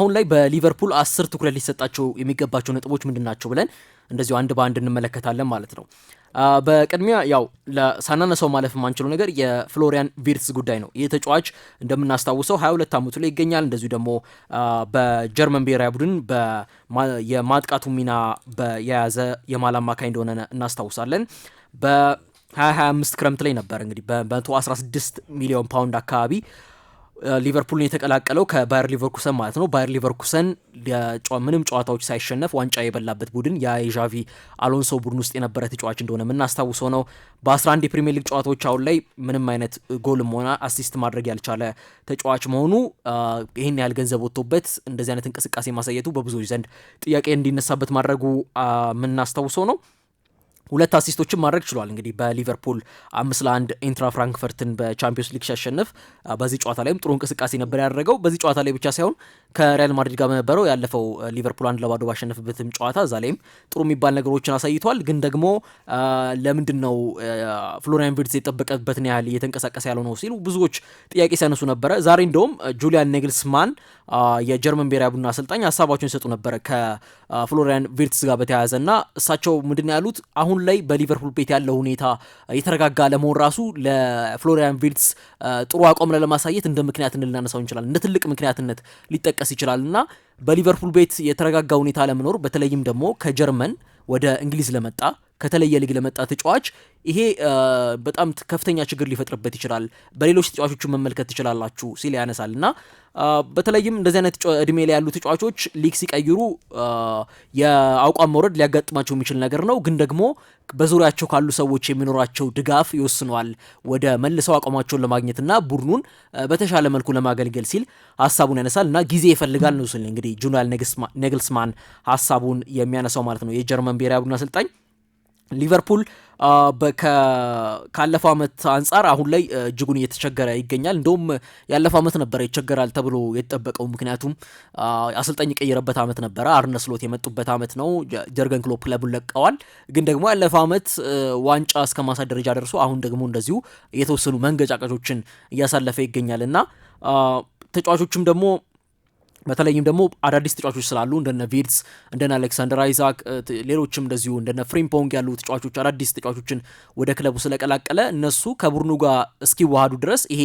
አሁን ላይ በሊቨርፑል አስር ትኩረት ሊሰጣቸው የሚገባቸው ነጥቦች ምንድን ናቸው ብለን እንደዚሁ አንድ በአንድ እንመለከታለን ማለት ነው። በቅድሚያ ያው ሳናነሳው ማለፍ የማንችለው ነገር የፍሎሪያን ቪርትስ ጉዳይ ነው። ይህ ተጫዋች እንደምናስታውሰው 22 ዓመቱ ላይ ይገኛል። እንደዚሁ ደግሞ በጀርመን ብሔራዊ ቡድን የማጥቃቱ ሚና የያዘ የማል አማካኝ እንደሆነ እናስታውሳለን። በ2025 ክረምት ላይ ነበር እንግዲህ በ116 ሚሊዮን ፓውንድ አካባቢ ሊቨርፑልን የተቀላቀለው ከባየር ሊቨርኩሰን ማለት ነው። ባየር ሊቨርኩሰን ምንም ጨዋታዎች ሳይሸነፍ ዋንጫ የበላበት ቡድን የዣቪ አሎንሶ ቡድን ውስጥ የነበረ ተጫዋች እንደሆነ የምናስታውሰው ነው። በ11 የፕሪሚየር ሊግ ጨዋታዎች አሁን ላይ ምንም አይነት ጎልም ሆነ አሲስት ማድረግ ያልቻለ ተጫዋች መሆኑ ይህን ያህል ገንዘብ ወጥቶበት እንደዚህ አይነት እንቅስቃሴ ማሳየቱ በብዙዎች ዘንድ ጥያቄ እንዲነሳበት ማድረጉ የምናስታውሰው ነው። ሁለት አሲስቶችን ማድረግ ችሏል። እንግዲህ በሊቨርፑል አምስት ለአንድ ኢንትራ ፍራንክፈርትን በቻምፒዮንስ ሊግ ሲያሸንፍ በዚህ ጨዋታ ላይም ጥሩ እንቅስቃሴ ነበር ያደረገው። በዚህ ጨዋታ ላይ ብቻ ሳይሆን ከሪያል ማድሪድ ጋር በነበረው ያለፈው ሊቨርፑል አንድ ለባዶ ባሸነፍበትም ጨዋታ እዛ ላይም ጥሩ የሚባል ነገሮችን አሳይቷል። ግን ደግሞ ለምንድን ነው ፍሎሪያን ቪርትዝ የጠበቀበትን ያህል እየተንቀሳቀሰ ያለው ነው ሲሉ ብዙዎች ጥያቄ ሲያነሱ ነበረ። ዛሬ እንደውም ጁሊያን ኔግልስማን የጀርመን ብሔራዊ ቡድን አሰልጣኝ ሀሳባቸውን ይሰጡ ነበረ ከፍሎሪያን ቪርትዝ ጋር በተያያዘ እና እሳቸው ምንድን ያሉት አሁን አሁን ላይ በሊቨርፑል ቤት ያለው ሁኔታ የተረጋጋ ለመሆን ራሱ ለፍሎሪያን ቪልስ ጥሩ አቋም ለማሳየት እንደ ምክንያት ልናነሳው እንችላለን። እንደ ትልቅ ምክንያትነት ሊጠቀስ ይችላል እና በሊቨርፑል ቤት የተረጋጋ ሁኔታ ለመኖር በተለይም ደግሞ ከጀርመን ወደ እንግሊዝ ለመጣ ከተለየ ሊግ ለመጣ ተጫዋች ይሄ በጣም ከፍተኛ ችግር ሊፈጥርበት ይችላል፣ በሌሎች ተጫዋቾችን መመልከት ትችላላችሁ ሲል ያነሳል እና በተለይም እንደዚህ አይነት እድሜ ላይ ያሉ ተጫዋቾች ሊግ ሲቀይሩ የአቋም መውረድ ሊያጋጥማቸው የሚችል ነገር ነው። ግን ደግሞ በዙሪያቸው ካሉ ሰዎች የሚኖራቸው ድጋፍ ይወስነዋል ወደ መልሰው አቋማቸውን ለማግኘትና ቡድኑን በተሻለ መልኩ ለማገልገል ሲል ሀሳቡን ያነሳል እና ጊዜ ይፈልጋል ነው ሲል እንግዲህ ጁናል ኔግልስማን ሀሳቡን የሚያነሳው ማለት ነው የጀርመን ብሔራዊ ቡድን አሰልጣኝ ሊቨርፑል ካለፈው ዓመት አንጻር አሁን ላይ እጅጉን እየተቸገረ ይገኛል። እንደውም ያለፈው ዓመት ነበረ ይቸገራል ተብሎ የተጠበቀው። ምክንያቱም አሰልጣኝ የቀየረበት ዓመት ነበረ፣ አርነ ስሎት የመጡበት ዓመት ነው። ጀርገን ክሎፕ ክለቡን ለቀዋል። ግን ደግሞ ያለፈው ዓመት ዋንጫ እስከ ማሳት ደረጃ ደርሶ አሁን ደግሞ እንደዚሁ የተወሰኑ መንገጫቀጮችን እያሳለፈ ይገኛል እና ተጫዋቾችም ደግሞ በተለይም ደግሞ አዳዲስ ተጫዋቾች ስላሉ እንደነ ቪርትስ እንደነ አሌክሳንደር አይዛክ ሌሎችም እንደዚሁ እንደነ ፍሪምፖንግ ያሉ ተጫዋቾች አዳዲስ ተጫዋቾችን ወደ ክለቡ ስለቀላቀለ እነሱ ከቡድኑ ጋር እስኪዋሃዱ ድረስ ይሄ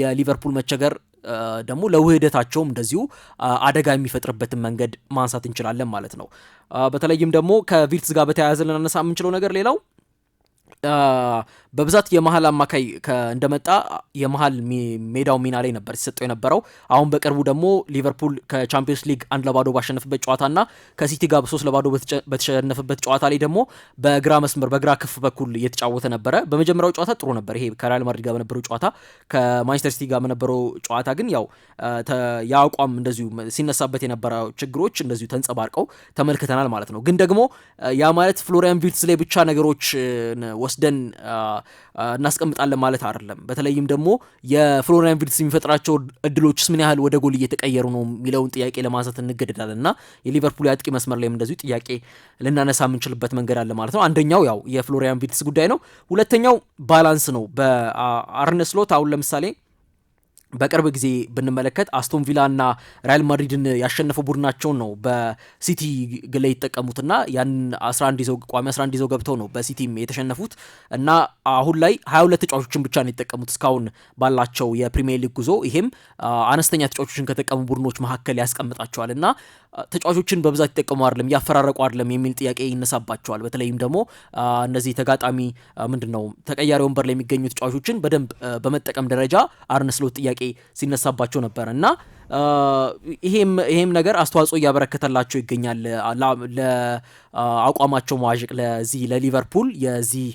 የሊቨርፑል መቸገር ደግሞ ለውህደታቸውም እንደዚሁ አደጋ የሚፈጥርበትን መንገድ ማንሳት እንችላለን ማለት ነው። በተለይም ደግሞ ከቪርትስ ጋር በተያያዘ ልናነሳ የምንችለው ነገር ሌላው በብዛት የመሀል አማካይ እንደመጣ የመሀል ሜዳው ሚና ላይ ነበር ሲሰጠው የነበረው። አሁን በቅርቡ ደግሞ ሊቨርፑል ከቻምፒዮንስ ሊግ አንድ ለባዶ ባሸነፍበት ጨዋታና ከሲቲ ጋር በሶስት ለባዶ በተሸነፍበት ጨዋታ ላይ ደግሞ በግራ መስመር በግራ ክፍ በኩል እየተጫወተ ነበረ። በመጀመሪያው ጨዋታ ጥሩ ነበር። ይሄ ከሪያል ማድሪድ ጋር በነበረው ጨዋታ ከማንቸስተር ሲቲ ጋር በነበረው ጨዋታ ግን ያው የአቋም እንደዚሁ ሲነሳበት የነበረ ችግሮች እንደዚሁ ተንጸባርቀው ተመልክተናል ማለት ነው። ግን ደግሞ ያ ማለት ፍሎሪያን ቪልትስ ላይ ብቻ ነገሮች ወስደን እናስቀምጣለን ማለት አይደለም። በተለይም ደግሞ የፍሎሪያን ቪርትስ የሚፈጥራቸው እድሎችስ ምን ያህል ወደ ጎል እየተቀየሩ ነው የሚለውን ጥያቄ ለማንሳት እንገደዳለን እና የሊቨርፑል የአጥቂ መስመር ላይም እንደዚሁ ጥያቄ ልናነሳ የምንችልበት መንገድ አለ ማለት ነው። አንደኛው ያው የፍሎሪያን ቪርትስ ጉዳይ ነው። ሁለተኛው ባላንስ ነው። በአርነ ስሎት አሁን ለምሳሌ በቅርብ ጊዜ ብንመለከት አስቶን ቪላና ሪያል ማድሪድን ያሸነፈው ቡድናቸውን ነው በሲቲ ግላ ይጠቀሙትና ያን 11 ይዘው ቋሚ 11 ይዘው ገብተው ነው በሲቲም የተሸነፉት እና አሁን ላይ 22 ተጫዋቾችን ብቻ ነው የተጠቀሙት እስካሁን ባላቸው የፕሪሚየር ሊግ ጉዞ። ይሄም አነስተኛ ተጫዋቾችን ከጠቀሙ ቡድኖች መካከል ያስቀምጣቸዋል እና ተጫዋቾችን በብዛት ይጠቀሙ አይደለም እያፈራረቁ አይደለም የሚል ጥያቄ ይነሳባቸዋል። በተለይም ደግሞ እነዚህ ተጋጣሚ ምንድን ነው ተቀያሪ ወንበር ላይ የሚገኙ ተጫዋቾችን በደንብ በመጠቀም ደረጃ አርነ ስሎት ጥያቄ ሲነሳባቸው ነበር እና ይሄም ነገር አስተዋጽኦ እያበረከተላቸው ይገኛል ለአቋማቸው መዋዥቅ ለዚህ ለሊቨርፑል የዚህ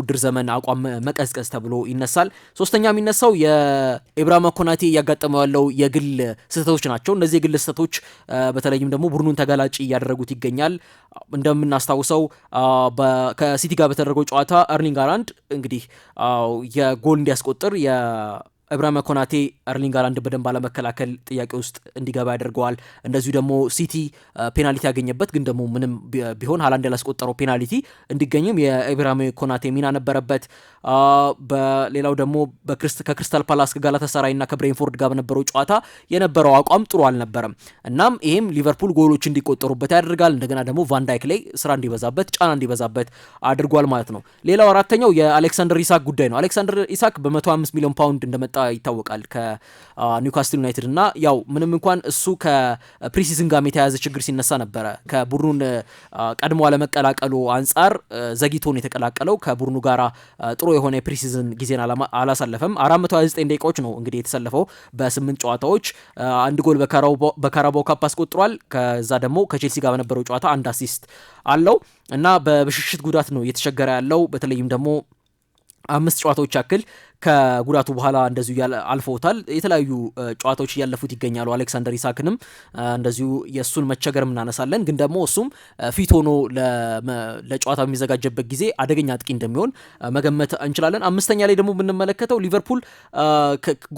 ውድድር ዘመን አቋም መቀዝቀዝ ተብሎ ይነሳል። ሶስተኛ የሚነሳው የኢብራሂም ኮናቴ እያጋጠመው ያለው የግል ስህተቶች ናቸው። እነዚህ የግል ስህተቶች በተለይም ደግሞ ቡድኑን ተጋላጭ እያደረጉት ይገኛል። እንደምናስታውሰው ከሲቲ ጋር በተደረገው ጨዋታ ኤርሊንግ ሃላንድ እንግዲህ የጎል እንዲያስቆጥር እብረ መኮናቴ አርሊንግ ሃላንድ በደንብ አለመከላከል ጥያቄ ውስጥ እንዲገባ ያደርገዋል። እንደዚሁ ደግሞ ሲቲ ፔናልቲ ያገኘበት ግን ደግሞ ምንም ቢሆን ሃላንድ ያላስቆጠረው ፔናልቲ እንዲገኝም የእብረ መኮናቴ ሚና ነበረበት። በሌላው ደግሞ ከክሪስታል ፓላስ ከጋላታሳራይ እና ከብሬንፎርድ ጋር በነበረው ጨዋታ የነበረው አቋም ጥሩ አልነበረም። እናም ይሄም ሊቨርፑል ጎሎች እንዲቆጠሩበት ያደርጋል። እንደገና ደግሞ ቫንዳይክ ላይ ስራ እንዲበዛበት፣ ጫና እንዲበዛበት አድርጓል ማለት ነው። ሌላው አራተኛው የአሌክሳንደር ኢሳክ ጉዳይ ነው። አሌክሳንደር ኢሳክ በ105 ሚሊዮን ፓውንድ እንደመጣ ይታወቃል ከኒውካስትል ዩናይትድ እና ያው ምንም እንኳን እሱ ከፕሪሲዝን ጋም የተያያዘ ችግር ሲነሳ ነበረ ከቡድኑን ቀድሞ አለመቀላቀሉ አንጻር ዘግይቶን የተቀላቀለው ከቡድኑ ጋራ ጥሩ የሆነ የፕሪሲዝን ጊዜን አላሳለፈም። 429 ደቂቃዎች ነው እንግዲህ የተሰለፈው በስምንት ጨዋታዎች አንድ ጎል በካራባው ካፕ አስቆጥሯል። ከዛ ደግሞ ከቼልሲ ጋር በነበረው ጨዋታ አንድ አሲስት አለው እና በብሽሽት ጉዳት ነው እየተቸገረ ያለው በተለይም ደግሞ አምስት ጨዋታዎች ያክል ከጉዳቱ በኋላ እንደዚሁ አልፈውታል። የተለያዩ ጨዋታዎች እያለፉት ይገኛሉ። አሌክሳንደር ኢሳክንም እንደዚሁ የእሱን መቸገር እናነሳለን። ግን ደግሞ እሱም ፊት ሆኖ ለጨዋታ በሚዘጋጀበት ጊዜ አደገኛ አጥቂ እንደሚሆን መገመት እንችላለን። አምስተኛ ላይ ደግሞ የምንመለከተው ሊቨርፑል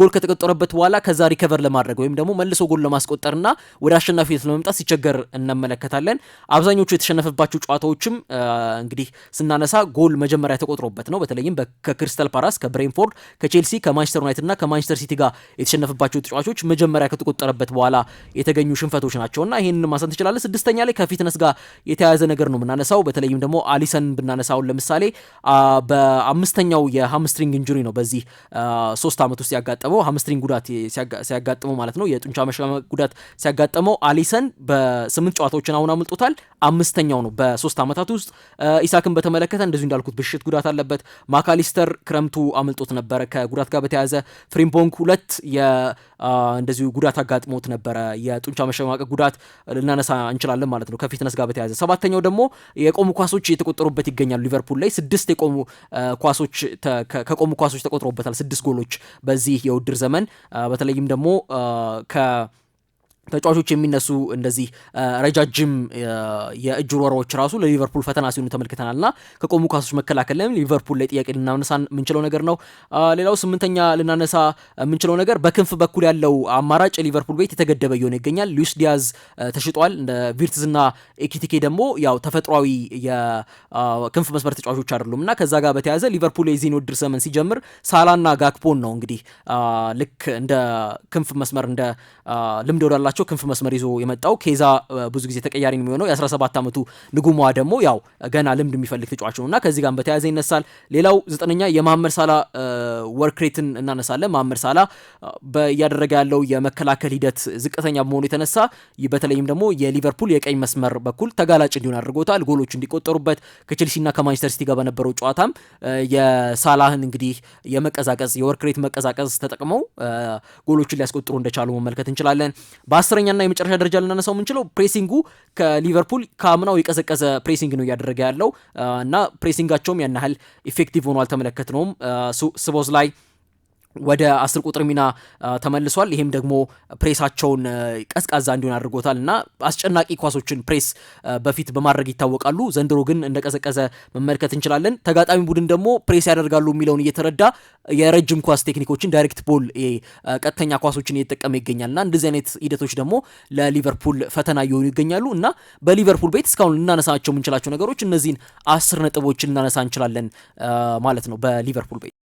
ጎል ከተቆጠረበት በኋላ ከዛ ሪከቨር ለማድረግ ወይም ደግሞ መልሶ ጎል ለማስቆጠርና ወደ አሸናፊነት ለመምጣት ሲቸገር እንመለከታለን። አብዛኞቹ የተሸነፈባቸው ጨዋታዎችም እንግዲህ ስናነሳ ጎል መጀመሪያ ተቆጥሮበት ነው። በተለይም ከክሪስታል ፓላስ፣ ከብሬንፎርድ ከቼልሲ ከማንቸስተር ዩናይትድ እና ከማንቸስተር ሲቲ ጋር የተሸነፈባቸው ተጫዋቾች መጀመሪያ ከተቆጠረበት በኋላ የተገኙ ሽንፈቶች ናቸውና ይህን ማንሳት ትችላለ። ስድስተኛ ላይ ከፊትነስ ጋር የተያያዘ ነገር ነው የምናነሳው። በተለይም ደግሞ አሊሰን ብናነሳውን ለምሳሌ በአምስተኛው የሃምስትሪንግ ኢንጁሪ ነው በዚህ ሶስት ዓመት ውስጥ ያጋጠመው ሃምስትሪንግ ጉዳት ሲያጋጥመው ማለት ነው የጡንቻ መሽላመ ጉዳት ሲያጋጠመው አሊሰን በስምንት ጨዋታዎችን አሁን አምልጦታል። አምስተኛው ነው በሶስት ዓመታት ውስጥ ኢሳክን በተመለከተ እንደዚሁ እንዳልኩት ብሽት ጉዳት አለበት። ማካሊስተር ክረምቱ አምልጦት ነበር ነበረ። ከጉዳት ጋር በተያያዘ ፍሪምፖንግ ሁለት እንደዚሁ ጉዳት አጋጥሞት ነበረ። የጡንቻ መሸማቀቅ ጉዳት ልናነሳ እንችላለን ማለት ነው ከፊትነስ ጋር በተያያዘ። ሰባተኛው ደግሞ የቆሙ ኳሶች እየተቆጠሩበት ይገኛሉ። ሊቨርፑል ላይ ስድስት የቆሙ ኳሶች ከቆሙ ኳሶች ተቆጥሮበታል። ስድስት ጎሎች በዚህ የውድድር ዘመን በተለይም ደግሞ ከ ተጫዋቾች የሚነሱ እንደዚህ ረጃጅም የእጅ ወረዎች ራሱ ለሊቨርፑል ፈተና ሲሆኑ ተመልክተናል ና ከቆሙ ኳሶች መከላከል ላይም ሊቨርፑል ላይ ጥያቄ ልናነሳ የምንችለው ነገር ነው። ሌላው ስምንተኛ ልናነሳ የምንችለው ነገር በክንፍ በኩል ያለው አማራጭ ሊቨርፑል ቤት የተገደበ እየሆነ ይገኛል። ሉዊስ ዲያዝ ተሽጧል። እንደ ቪርትዝ ና ኤኪቲኬ ደግሞ ያው ተፈጥሯዊ የክንፍ መስመር ተጫዋቾች አይደሉም እና ከዛ ጋር በተያያዘ ሊቨርፑል የዚህን ውድድር ዘመን ሲጀምር ሳላና ጋክፖን ነው እንግዲህ ልክ እንደ ክንፍ መስመር እንደ ልምድ ወዳላቸው ናቸው። ክንፍ መስመር ይዞ የመጣው ኬዛ ብዙ ጊዜ ተቀያሪ ነው የሚሆነው። የ17 ዓመቱ ንጉሟ ደግሞ ያው ገና ልምድ የሚፈልግ ተጫዋች እና ከዚህ ጋር በተያያዘ ይነሳል። ሌላው ዘጠነኛ የማመር ሳላ ወርክሬትን እናነሳለን። ማመር ሳላ እያደረገ ያለው የመከላከል ሂደት ዝቅተኛ በመሆኑ የተነሳ በተለይም ደግሞ የሊቨርፑል የቀኝ መስመር በኩል ተጋላጭ እንዲሆን አድርጎታል። ጎሎች እንዲቆጠሩበት ከቼልሲና ከማንቸስተር ሲቲ ጋር በነበረው ጨዋታም የሳላህን እንግዲህ የመቀዛቀዝ የወርክሬት መቀዛቀዝ ተጠቅመው ጎሎችን ሊያስቆጥሩ እንደቻሉ መመልከት እንችላለን። አስረኛና የመጨረሻ ደረጃ ልናነሳው የምንችለው ፕሬሲንጉ ከሊቨርፑል ከአምናው የቀዘቀዘ ፕሬሲንግ ነው እያደረገ ያለው እና ፕሬሲንጋቸውም ያን ያህል ኢፌክቲቭ ሆኖ አልተመለከት ነውም ስቦዝ ላይ ወደ አስር ቁጥር ሚና ተመልሷል። ይሄም ደግሞ ፕሬሳቸውን ቀዝቃዛ እንዲሆን አድርጎታል እና አስጨናቂ ኳሶችን ፕሬስ በፊት በማድረግ ይታወቃሉ። ዘንድሮ ግን እንደቀዘቀዘ መመልከት እንችላለን። ተጋጣሚ ቡድን ደግሞ ፕሬስ ያደርጋሉ የሚለውን እየተረዳ የረጅም ኳስ ቴክኒኮችን፣ ዳይሬክት ቦል፣ ቀጥተኛ ኳሶችን እየተጠቀመ ይገኛል እና እንደዚህ አይነት ሂደቶች ደግሞ ለሊቨርፑል ፈተና እየሆኑ ይገኛሉ እና በሊቨርፑል ቤት እስካሁን ልናነሳቸው የምንችላቸው ነገሮች እነዚህን አስር ነጥቦችን ልናነሳ እንችላለን ማለት ነው በሊቨርፑል ቤት